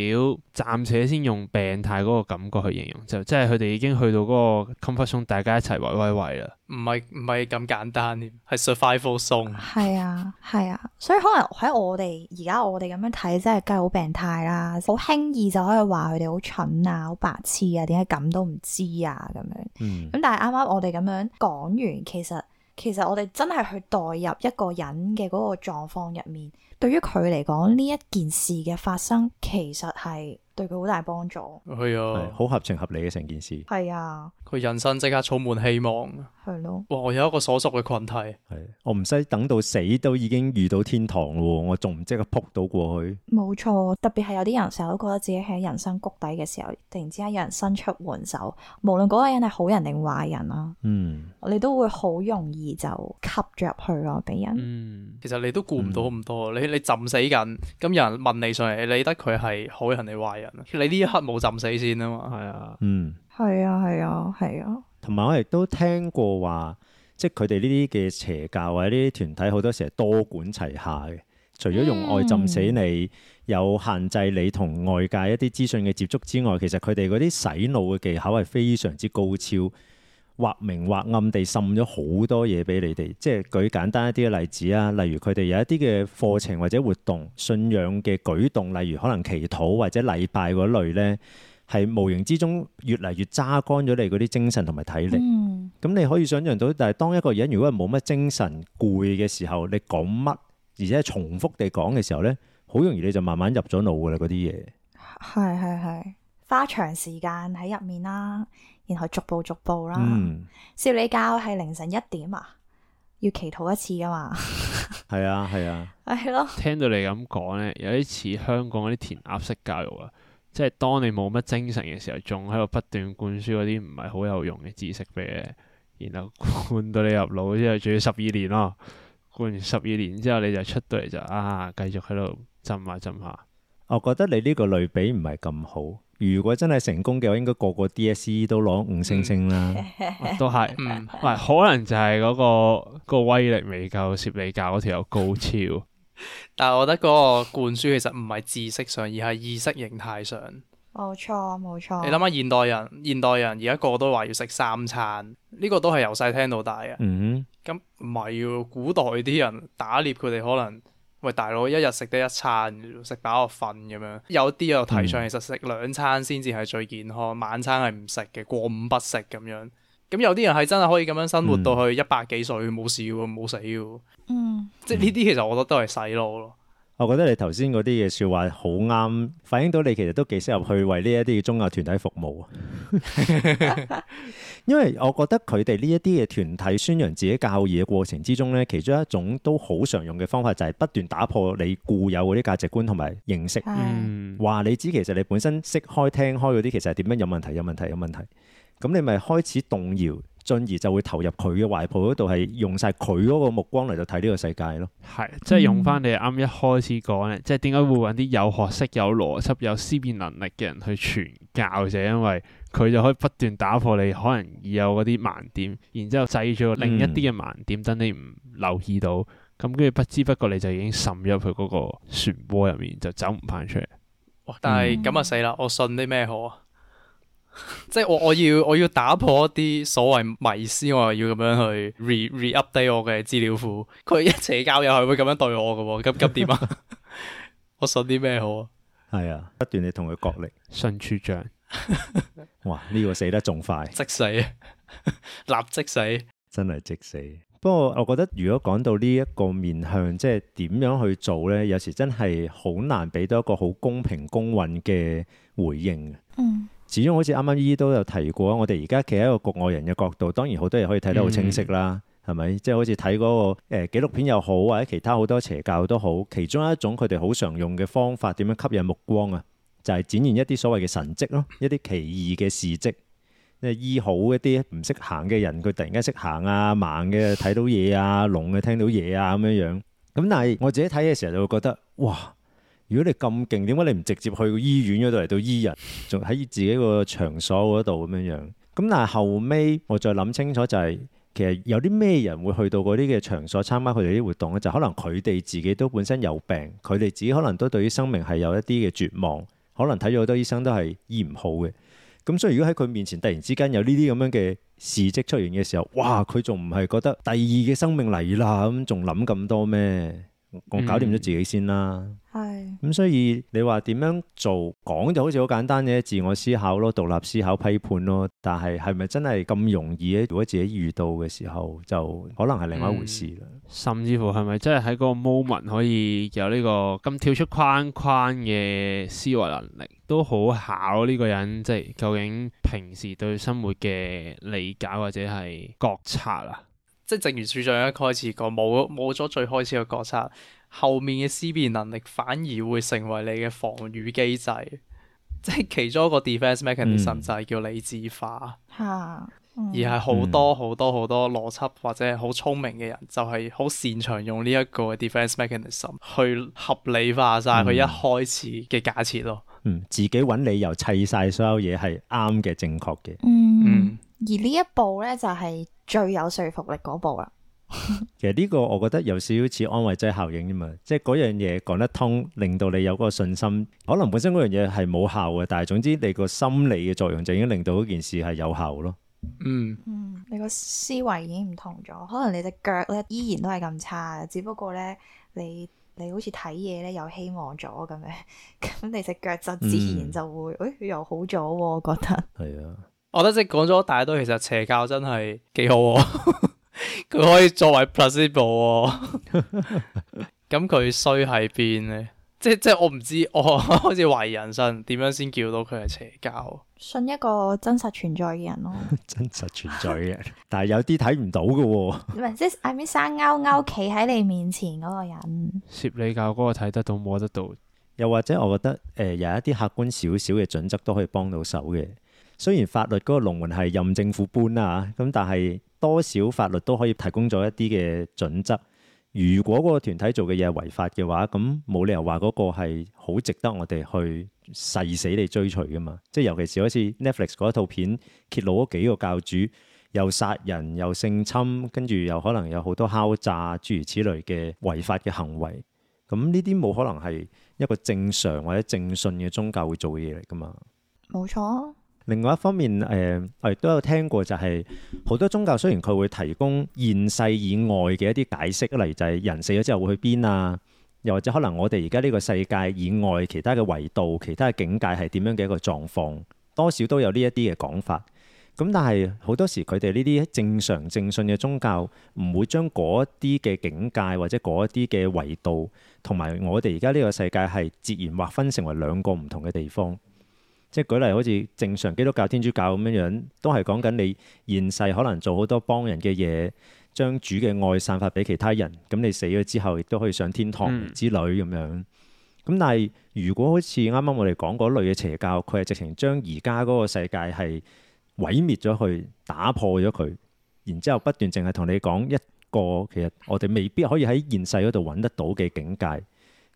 [SPEAKER 3] 暫且先用病態嗰個感覺去形容，就即係佢哋已經去到嗰個 comfort zone，大家一齊喂喂喂啦。
[SPEAKER 4] 唔係唔係咁簡單，係 survival zone
[SPEAKER 2] 係啊係啊，所以可能喺我哋而家我哋咁樣睇，真係梗係好病態啦，好輕易就可以話佢哋好蠢啊、好白痴啊，點解咁都唔知啊？咁樣，嗯，咁但係啱啱我哋咁樣講完，其實其實我哋真係去代入一個人嘅嗰個狀況入面，對於佢嚟講呢一件事嘅發生，其實係對佢好大幫助，
[SPEAKER 1] 係啊，好合情合理嘅成件事，
[SPEAKER 2] 係啊，
[SPEAKER 1] 佢人
[SPEAKER 4] 生即刻充滿希望。係咯，我有一個所屬嘅群體，係
[SPEAKER 1] 我唔使等到死都已經遇到天堂咯，我仲唔即刻撲到過去？
[SPEAKER 2] 冇錯，特別係有啲人成日都覺得自己喺人生谷底嘅時候，突然之間有人伸出援手，無論嗰個人係好人定壞人啦，嗯，你都會好容易就吸咗入去咯，啊，俾人。嗯，
[SPEAKER 4] 其實你都顧唔到咁多，嗯，你你浸死緊，咁有人問你上嚟，你理得佢係好人定壞人？你呢一刻冇浸死先啊嘛，係啊，嗯，
[SPEAKER 2] 係啊，係啊，係啊。
[SPEAKER 1] 同埋我亦都聽過話，即係佢哋呢啲嘅邪教或者呢啲團體，好多時係多管齊下嘅。除咗用愛浸死你，嗯、有限制你同外界一啲資訊嘅接觸之外，其實佢哋嗰啲洗腦嘅技巧係非常之高超，或明或暗地滲咗好多嘢俾你哋。即係舉簡單一啲嘅例子啊，例如佢哋有一啲嘅課程或者活動、信仰嘅舉動，例如可能祈禱或者禮拜嗰類呢。係無形之中越嚟越揸乾咗你嗰啲精神同埋體力，咁、嗯、你可以想像到。但係當一個人如果係冇乜精神攰嘅時候，你講乜，而且重複地講嘅時候呢，好容易你就慢慢入咗腦㗎啦嗰啲嘢。
[SPEAKER 2] 係係係，花長時間喺入面啦，然後逐步逐步啦。嗯、攝理教係凌晨一點啊，要祈禱一次㗎嘛。
[SPEAKER 3] 係啊係啊。係、啊、 對咯。聽到你咁講呢，有啲似香港嗰啲填鴨式教育啊。即係當你冇乜精神嘅時候，仲喺度不斷灌輸嗰啲唔係好有用嘅知識俾你，然後灌到你入腦之後，仲要十二年咯，灌完十二年之後你就出到嚟就，啊繼續喺度浸下浸下。
[SPEAKER 1] 我覺得你呢個類比唔係咁好。如果真係成功嘅話，應該個個 DSE 都攞五星星啦。
[SPEAKER 3] 嗯啊、都係，唔、嗯、係可能就係嗰、那個個威力未夠攝理，攝理教嗰條又高超。
[SPEAKER 4] 但係我覺得嗰個灌輸其實唔係知識上，而係意識形態上。
[SPEAKER 2] 冇錯，冇錯。你諗下
[SPEAKER 4] 現代人，現代人而家個個都話要食三餐，呢、這個都係由細聽到大嘅。
[SPEAKER 1] 嗯
[SPEAKER 4] 哼。咁唔係喎，古代啲人打獵，佢哋可能喂大佬，一日食得一餐，食飽就瞓咁樣。有啲又提倡其實食兩餐先至係最健康，嗯、晚餐係唔食嘅，過午不食咁樣。咁有啲人係真係可以咁樣生活到去一百幾歲冇事嘅，冇死嘅。嗯，嗯即係呢啲其實我覺得都係洗腦咯。
[SPEAKER 1] 我覺得你頭先嗰啲嘢說話好啱，反映到你其實都幾適合去為呢一啲嘅宗教團體服務。 因為我覺得佢哋呢一啲嘅團體宣揚自己教義嘅過程之中咧，其中一種都好常用嘅方法就係不斷打破你固有嗰啲價值觀同埋認識。嗯。話、嗯、你知其實你本身識開聽開嗰啲其實係點樣有問題？有問題？有問題？咁你咪開始動搖，進而就會投入佢嘅懷抱嗰度，係用晒佢嗰個目光嚟到睇呢個世界
[SPEAKER 3] 咯。係，即係用翻你啱一開始講咧，嗯、即係點解會揾啲有學識、有邏輯、有思辨能力嘅人去傳教，就係因為佢就可以不斷打破你可能已有嗰啲盲點，然之後製造另一啲嘅盲點，等你唔留意到，咁跟住不知不覺你就已經滲入去嗰個漩渦入面，就走唔翻出嚟。哇！但
[SPEAKER 4] 係咁啊死啦，我信啲咩好啊？即係我，我要我要打破一啲所謂迷思，我又要咁樣去 re re update 我嘅資料庫。佢一邪教又係會咁樣對我噶，急急點啊？ 我信啲咩好
[SPEAKER 3] 啊？係啊，不
[SPEAKER 1] 斷地同佢角力，信處長 哇，呢、這個死得仲快，
[SPEAKER 4] 即死 立即死，真係即死。
[SPEAKER 1] 不過我覺得如果講到呢一個面向，即係點樣去做呢？有時真係好難俾到一個好公平公允嘅回應。嗯。始終好似啱啱依都有提過我哋而家企喺一個局外人嘅角度，當然好多嘢可以睇得好清晰啦，係咪、嗯？即係好似睇嗰個誒、呃、紀錄片又好，或者其他好多邪教都好，其中一種佢哋好常用嘅方法，點樣吸引目光啊？就係、是、展現一啲所謂嘅神跡咯，一啲奇異嘅事跡，即係醫好一啲唔識行嘅人，佢突然間識行啊，盲嘅睇到嘢啊，聾嘅聽到嘢啊咁樣樣。咁但係我自己睇嘅時候就會覺得，哇！如果你咁勁，點解你唔直接去醫院嗰度嚟到醫人，仲喺自己個場所嗰度咁樣樣？咁但係後尾，我再諗清楚、就係，就係其實有啲咩人會去到嗰啲嘅場所參加佢哋啲活動咧？就係、可能佢哋自己都本身有病，佢哋自己可能都對於生命係有一啲嘅絕望，可能睇咗好多醫生都係醫唔好嘅。咁所以如果喺佢面前突然之間有呢啲咁樣嘅事跡出現嘅時候，哇！佢仲唔係覺得第二嘅生命嚟啦？咁仲諗咁多咩？我、嗯、搞掂咗自己先啦，係咁是，所以你話點樣做講就好似好簡單嘅自我思考咯，獨立思考批判咯，但係係咪真係咁容易咧？如果自己遇到嘅時候，就可能係另外一回事啦，
[SPEAKER 3] 嗯。甚至乎係咪真係喺嗰個 moment 可以有呢個咁跳出框框嘅思維能力，都好考呢個人即係、就是、究竟平時對生活嘅理解或者係覺察啊？
[SPEAKER 4] 即係，正如署長一開始講，冇冇咗最開始嘅覺察，後面嘅思辨能力反而會成為你嘅防御機制。即係其中一個 defense mechanism、嗯、就係叫理智化，
[SPEAKER 2] 嗯、而係
[SPEAKER 4] 好多好多好多邏輯或者係好聰明嘅人，就係好擅長用呢一個 defense mechanism 去合理化晒佢、嗯、一開始嘅假設咯。嗯，
[SPEAKER 1] 自己搵理由砌晒所有嘢係啱嘅、正確嘅。嗯。
[SPEAKER 2] 嗯而呢一步呢，就係、是、最有說服力嗰步啦。 其
[SPEAKER 1] 實呢個我覺得有少少似安慰劑效應啫嘛，即係嗰樣嘢講得通，令到你有嗰個信心。可能本身嗰樣嘢係冇效嘅，但係總之你個心理嘅作用就已經令到件事係有效咯。嗯，
[SPEAKER 3] 嗯，
[SPEAKER 2] 你個思維已經唔同咗，可能你隻腳咧依然都係咁差，只不過呢，你你好似睇嘢呢有希望咗咁樣，咁你隻腳就自然就會誒、嗯哎、又好咗、啊，我覺得係啊。
[SPEAKER 4] 我覺得即係講咗大都其實邪教真係幾好，佢 可以作為 placebo。咁佢衰喺邊咧？即係即係我唔知，我開始懷疑人生，點樣先叫到佢係邪教？
[SPEAKER 2] 信一個真實存在嘅人咯、啊， 真實存
[SPEAKER 1] 在嘅，但係有啲睇唔到嘅、啊。唔
[SPEAKER 2] 係、 啊，即係喺邊生勾勾企喺你面前嗰個人。
[SPEAKER 1] 攝理教嗰個睇得到摸得到，又或者我覺得誒、呃、有一啲客觀少少嘅準則都可以幫到手嘅。雖然法律嗰個龍門係任政府搬啊，咁但係多少法律都可以提供咗一啲嘅準則。如果嗰個團體做嘅嘢係違法嘅話，咁冇理由話嗰個係好值得我哋去誓死嚟追隨噶嘛？即係尤其是好似 Netflix 嗰一套片揭露咗幾個教主又殺人又性侵，跟住又可能有好多敲詐諸如此類嘅違法嘅行為。咁呢啲冇可能係一個正常或者正信嘅宗教會做嘅嘢嚟噶嘛？
[SPEAKER 2] 冇錯。
[SPEAKER 1] 另外一方面，誒、呃，我亦都有聽過、就係，就係好多宗教雖然佢會提供現世以外嘅一啲解釋，例如就係人死咗之後會去邊啊，又或者可能我哋而家呢個世界以外其他嘅維度、其他嘅境界係點樣嘅一個狀況，多少都有呢一啲嘅講法。咁但係好多時佢哋呢啲正常正信嘅宗教唔會將嗰一啲嘅境界或者嗰一啲嘅維度同埋我哋而家呢個世界係截然劃分成為兩個唔同嘅地方。即係舉例，好似正常基督教天主教咁樣樣，都係講緊你現世可能做好多幫人嘅嘢，將主嘅愛散發俾其他人。咁你死咗之後，亦都可以上天堂之類咁樣。咁、嗯、但係如果好似啱啱我哋講嗰類嘅邪教，佢係直情將而家嗰個世界係毀滅咗去，打破咗佢，然之後不斷淨係同你講一個其實我哋未必可以喺現世嗰度揾得到嘅境界。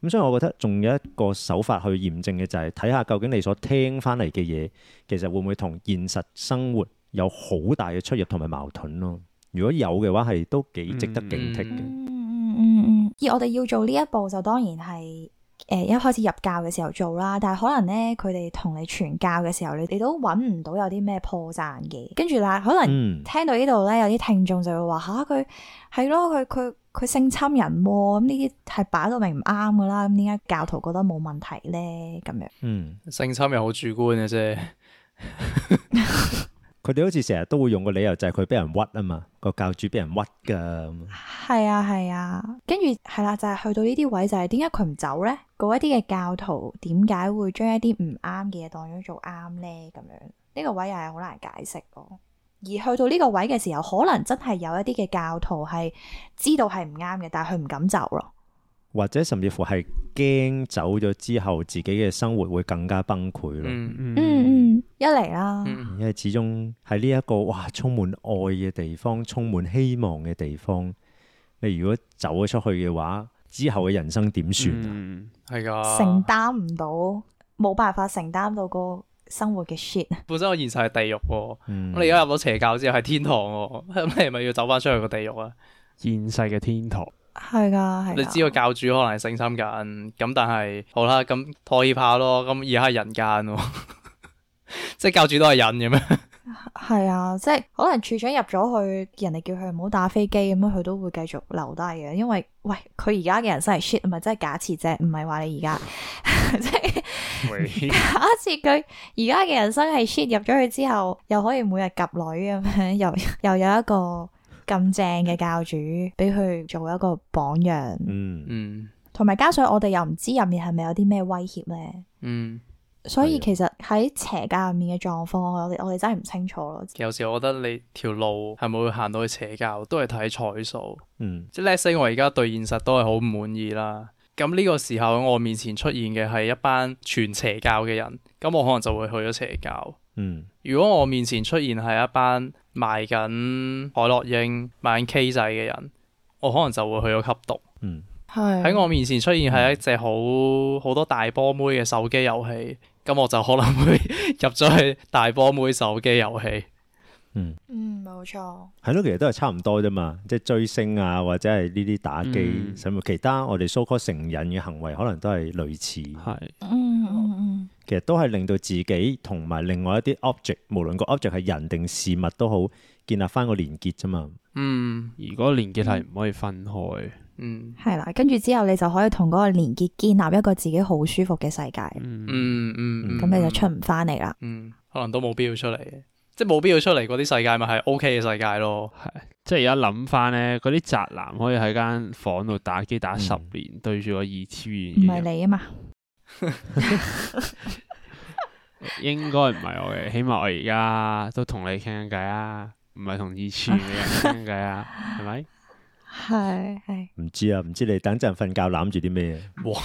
[SPEAKER 1] 咁、嗯、所以，我覺得仲有一個手法去驗證嘅就係睇下究竟你所聽翻嚟嘅嘢，其實會唔會同現實生活有好大嘅出入同埋矛盾咯？如果有嘅話，係都幾值得警惕嘅。嗯嗯嗯
[SPEAKER 2] 嗯，而我哋要做呢一步，就當然係。誒、呃，一開始入教嘅時候做啦，但係可能咧，佢哋同你傳教嘅時候，你哋都揾唔到有啲咩破綻嘅。跟住啦，可能聽到呢度咧，有啲聽眾就會話：吓、嗯，佢係、啊、咯，佢佢佢性侵人、哦，咁呢啲係擺到明唔啱噶啦。咁點解教徒覺得冇問題咧？咁樣，嗯，
[SPEAKER 1] 性侵又好主觀嘅、啊、啫。 佢哋好似成日都會用個理由，就係佢俾人屈啊嘛，個教主俾人屈噶。
[SPEAKER 2] 係啊，係啊，跟住係啦，就係、係、去到呢啲位就係點解佢唔走呢？嗰一啲嘅教徒點解會將一啲唔啱嘅嘢當咗做啱呢？咁樣呢、呢個位又係好難解釋咯。而去到呢個位嘅時候，可能真係有一啲嘅教徒係知道係唔啱嘅，但係佢唔敢走咯。
[SPEAKER 1] 或者甚至乎係驚走咗之後，自己嘅生活會更加崩潰咯。嗯嗯嗯
[SPEAKER 2] 嗯、一嚟啦，因
[SPEAKER 1] 為、嗯、始終喺呢一個哇，充滿愛嘅地方，充滿希望嘅地方，你如果走咗出去嘅話，之後嘅人生點算
[SPEAKER 4] 啊？係噶、嗯，承
[SPEAKER 2] 擔唔到，冇辦法承擔到個生活嘅 shit。
[SPEAKER 4] 本身我現世係地獄、哦，嗯、我哋而家入咗邪教之後係天、哦嗯啊、天堂，咁你咪要走翻出去個地獄啊？
[SPEAKER 3] 現世嘅天堂
[SPEAKER 2] 係噶係，
[SPEAKER 4] 你知道教主可能係性侵緊咁，但係好啦，咁妥協下咯，咁而家係人間、哦。即係教主都係人嘅咩？
[SPEAKER 2] 係啊，即係可能處長入咗去，人哋叫佢唔好打飛機咁樣，佢都會繼續留低嘅。因為喂，佢而家嘅人生係 shit，唔係真係假設啫，唔係話你而家 即喂
[SPEAKER 3] 假
[SPEAKER 2] 設佢而家嘅人生係 shit，入咗去之後又可以每日夾女咁樣，又又有一個咁正嘅教主俾佢做一個榜樣。嗯嗯。同、嗯、埋加上我哋又唔知入面係咪有啲咩威脅咧？嗯。所以其實喺邪教入面嘅狀況，我哋我哋真係唔清楚
[SPEAKER 4] 咯。有時我覺得你條路係咪會行到去邪教，都係睇彩數。嗯，即係叻西，我而家對現實都係好唔滿意啦。咁呢個時候我面前出現嘅係一班全邪教嘅人，咁我可能就會去咗邪教。嗯，如果我面前出現係一班賣緊海洛英、賣緊 K 仔嘅人，我可能就會去咗吸毒。嗯，
[SPEAKER 1] 係喺
[SPEAKER 4] 我面前出現係一隻好好、嗯、多大波妹嘅手機遊戲。咁我就可能會 入咗去大波妹手機遊戲。
[SPEAKER 2] 嗯，嗯，冇錯。
[SPEAKER 1] 係咯，其實都係差唔多啫嘛，即係追星啊，或者係呢啲打機，甚至、嗯、其他我哋所謂成癮嘅行為，可能都係類似。係是，嗯，其實都係令到自己同埋另外一啲 object，無論個 object 係人定事物都好，建立
[SPEAKER 3] 翻個連結啫嘛。嗯，如果連結係唔可以分開。嗯
[SPEAKER 2] 嗯，係啦，跟住之後你就可以同嗰個連結建立一個自己好舒服嘅世界。
[SPEAKER 3] 嗯
[SPEAKER 2] 嗯嗯，咁你就出唔翻嚟啦。嗯，
[SPEAKER 4] 可能都冇必要出嚟，即係冇必要出嚟嗰啲世界咪係 O K 嘅
[SPEAKER 3] 世界咯。係，即係而家諗翻咧，嗰啲宅男可以喺間房度打機打十年，對住個二次元，唔係
[SPEAKER 2] 你啊嘛？
[SPEAKER 3] 應該唔係我嘅，起碼我而家都同你傾緊偈啊，唔係同二次元嘅人傾緊偈啊，係咪？
[SPEAKER 1] 係係唔知啊？唔知你等陣瞓覺攬住啲咩？哇！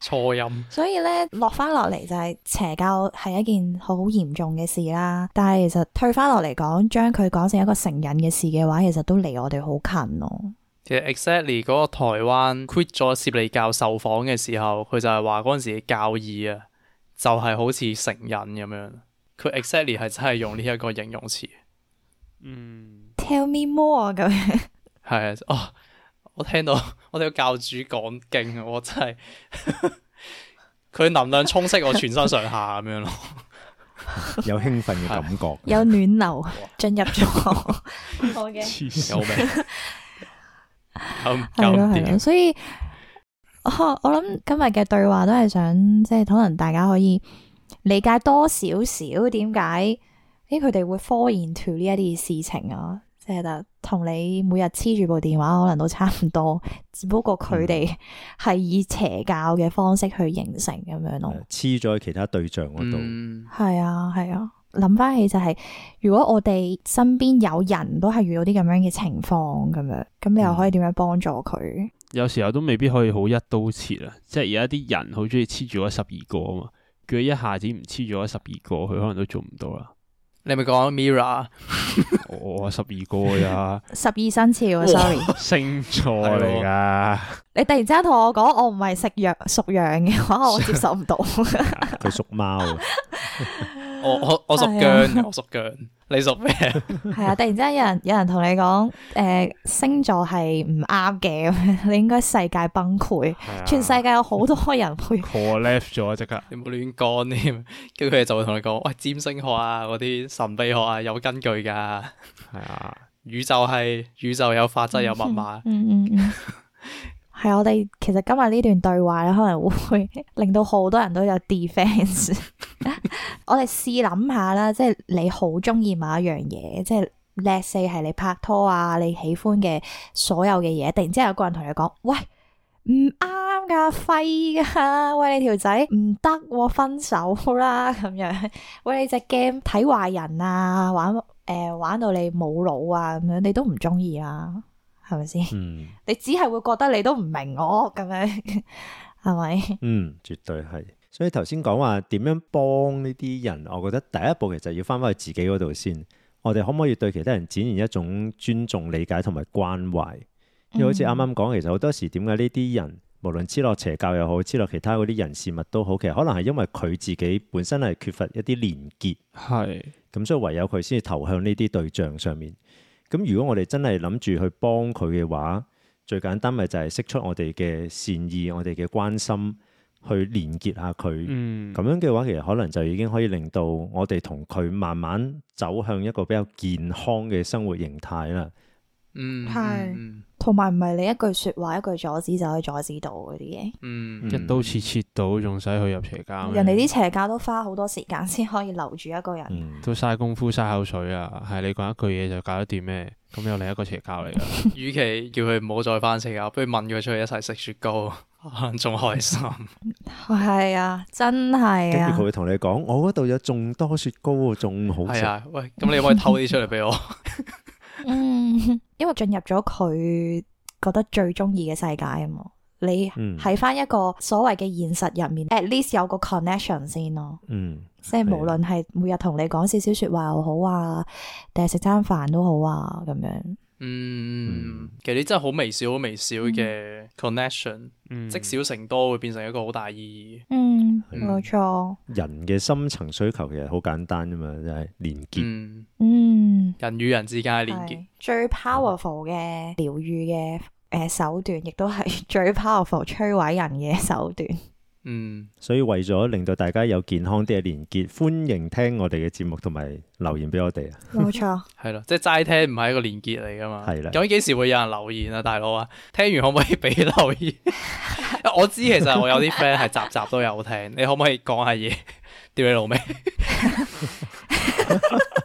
[SPEAKER 1] 錯 音。
[SPEAKER 2] 所以咧落翻落嚟就係邪教係一件好嚴重嘅事啦。但係其實退翻落嚟講，將佢講成一個成人嘅事嘅話，其實都離我哋好近咯，
[SPEAKER 4] 哦。其實 Exactly 嗰個台灣 quit 咗攝理教受訪嘅時候，佢就係話嗰陣時教義啊，就係好似成人咁樣。佢 Exactly 係真係用呢一個形容詞。
[SPEAKER 2] 嗯。Tell me more 咁樣。
[SPEAKER 4] 係啊！哦，我聽到我哋個教主講經，我真係佢 能量充斥我全身上下咁樣咯，
[SPEAKER 1] 有興奮嘅感覺、啊，
[SPEAKER 2] 有暖流進入咗我嘅， 有咩？
[SPEAKER 3] 係咯係咯，所
[SPEAKER 2] 以我我諗今日嘅對話都係想即係，可能大家可以理解多少少點解啲佢哋會 fall into 呢一啲事情啊。即係，同你每日黐住部電話，可能都差唔多，只不過佢哋係以邪教嘅方式去形成咁樣咯。
[SPEAKER 1] 黐咗喺其他對象嗰度。
[SPEAKER 2] 係、嗯、啊，係啊，諗翻起就係、是，如果我哋身邊有人都係遇到啲咁樣嘅情況咁樣，咁你又可以點樣幫助佢、嗯？
[SPEAKER 3] 有時候都未必可以好一刀切啊！即係有一啲人好中意黐住咗十二個啊嘛，佢一下子唔黐咗十二個，佢可能都做唔到啦。
[SPEAKER 4] 你咪講 Mirror
[SPEAKER 3] 我十二個呀，
[SPEAKER 2] 十二生肖 ，sorry，啊
[SPEAKER 3] 星座嚟噶。
[SPEAKER 2] 吧你突然之間同我講我唔係食藥屬羊嘅話，我接受唔到。
[SPEAKER 3] 佢屬
[SPEAKER 4] 貓。 我我我屬羊，我屬羊，啊，你屬咩？
[SPEAKER 2] 係啊，突然之間有人有人同你講，誒、呃，星座係唔啱嘅， 你應該世界崩潰，啊、全世界有好多人會
[SPEAKER 4] collapse 咗隻腳，啊、刻你冇亂講添，跟住佢就會同你講，喂，占星學啊，嗰啲神秘學啊，有根據噶，係啊，啊 宇宙係宇宙有法則有密碼，嗯，嗯嗯。
[SPEAKER 2] 係我哋其實今日呢段對話咧，可能會令到好多人都有 defense 我哋試諗下啦，即係你好中意某一樣嘢，即係叻四係你拍拖啊，你喜歡嘅所有嘅嘢，突然之間有個人同你講：喂，唔啱噶，廢噶，喂你條仔唔得，分手啦，咁樣喂你隻 game 睇壞人啊，玩誒、呃、玩到你冇腦啊，咁樣你都唔中意啊。係咪先？是是嗯，你只係會覺得你都唔明我咁樣，係 咪是？
[SPEAKER 1] 嗯，絕對係。所以頭先講話點樣幫呢啲人，我覺得第一步其實要翻翻去自己嗰度先。我哋可唔可以對其他人展現一種尊重、理解同埋關懷？
[SPEAKER 2] 因為好似啱啱
[SPEAKER 1] 講，其實好多時點解呢啲人，無論黐落邪教又好，黐落其他嗰啲人事物都好，其實可能係因為佢自己本身係缺乏一啲連結，係咁是，所以唯有佢先至投向呢啲對象上面。咁如果我哋真係諗住去幫佢嘅話，最簡單咪就係釋出我哋嘅善意、我哋嘅關心，去連結下佢。嗯、咁樣嘅話，其實可能就已經可以令到我哋同佢慢慢走向一個比較健康嘅
[SPEAKER 3] 生活形態啦、嗯。嗯、係、嗯。
[SPEAKER 2] 同埋唔係你一句說話一句阻止就可以阻止到嗰啲嘢，嗯、
[SPEAKER 3] 一刀切切到，仲使去入邪教？人哋
[SPEAKER 2] 啲邪教都花好多時間先可以留住一個人，嗯、
[SPEAKER 3] 都嘥功夫嘥口水啊！係你講一句嘢就搞得掂咩？咁又另一個邪教嚟啦。與 其叫佢唔好再
[SPEAKER 4] 翻食啊，不如問佢出去一齊食雪糕，仲開心。
[SPEAKER 2] 係 啊，真係啊。跟住佢會
[SPEAKER 1] 同你講，我嗰度有仲多雪糕，仲好。喂，咁你可唔可以偷啲出嚟
[SPEAKER 4] 俾我？嗯。
[SPEAKER 2] 因為進入咗佢覺得最中意嘅世界啊嘛，你喺翻一個所謂嘅現實入面，at least、嗯、有個 connection 先咯，嗯、
[SPEAKER 1] 即
[SPEAKER 2] 係無論係每日同你講少少說話又好啊，定係食餐飯都好啊，咁樣。
[SPEAKER 4] 嗯，其實你真係好微小、好微小嘅 connection，積少、嗯、成多會變成一個好大意
[SPEAKER 2] 義。嗯，冇、嗯、錯。人
[SPEAKER 1] 嘅深層需求其實好簡單啫嘛，就係連結。嗯，人
[SPEAKER 4] 與
[SPEAKER 2] 人之間嘅連結，最 powerful 嘅療癒嘅誒、呃、手段，亦都係最 powerful 摧毀人嘅手段。
[SPEAKER 1] 嗯，所以為咗令到大家有健康啲嘅連結，歡迎聽我哋嘅節目同埋留言俾我哋啊。
[SPEAKER 2] 冇 錯，
[SPEAKER 4] 係咯，即係齋聽唔係一個連結嚟噶嘛。係啦的，究竟幾時會有人留言啊？大佬啊，聽完可唔可以俾留言？ 我知其實我有啲 friend 係集集都有聽， 你可唔可以講下嘢？屌你老味。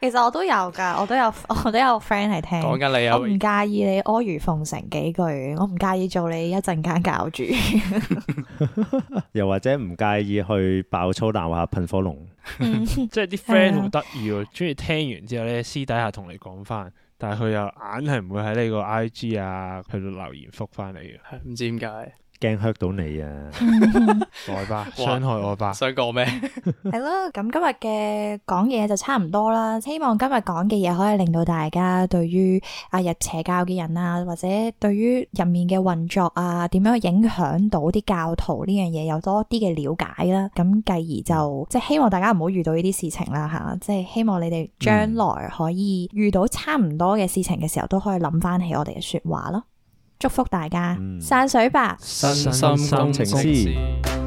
[SPEAKER 2] 其實我都有噶，我都有我都有 friend 係聽。講緊你有，我唔介意你阿諛奉承幾句，我唔介意做你一陣間教主，
[SPEAKER 1] 又或者唔介意去爆粗鬧下噴火龍，
[SPEAKER 3] 嗯、 即係啲 friend 好得意，中意、呃、聽完之後咧，私底下同你講翻，但係佢又硬係唔會喺你個 I G 啊去到留言復翻你嘅，唔 知點解。
[SPEAKER 1] 驚嚇到你啊！
[SPEAKER 4] 我
[SPEAKER 3] 吧，傷害我吧，想講咩？
[SPEAKER 2] 係咯， 咁今日嘅講嘢就差唔多啦。希望今日講嘅嘢，可以令到大家對於啊入邪教嘅人啊，或者對於入面嘅運作啊，點樣影響到啲教徒呢樣嘢，有多啲嘅了解啦。咁繼而就即係、就是、希望大家唔好遇到呢啲事情啦吓。即、啊、係、就是、希望你哋將來可以遇到差唔多嘅事情嘅時候，嗯、都可以諗翻起我哋嘅說話咯。祝福大家，嗯、散水吧。身心工程師。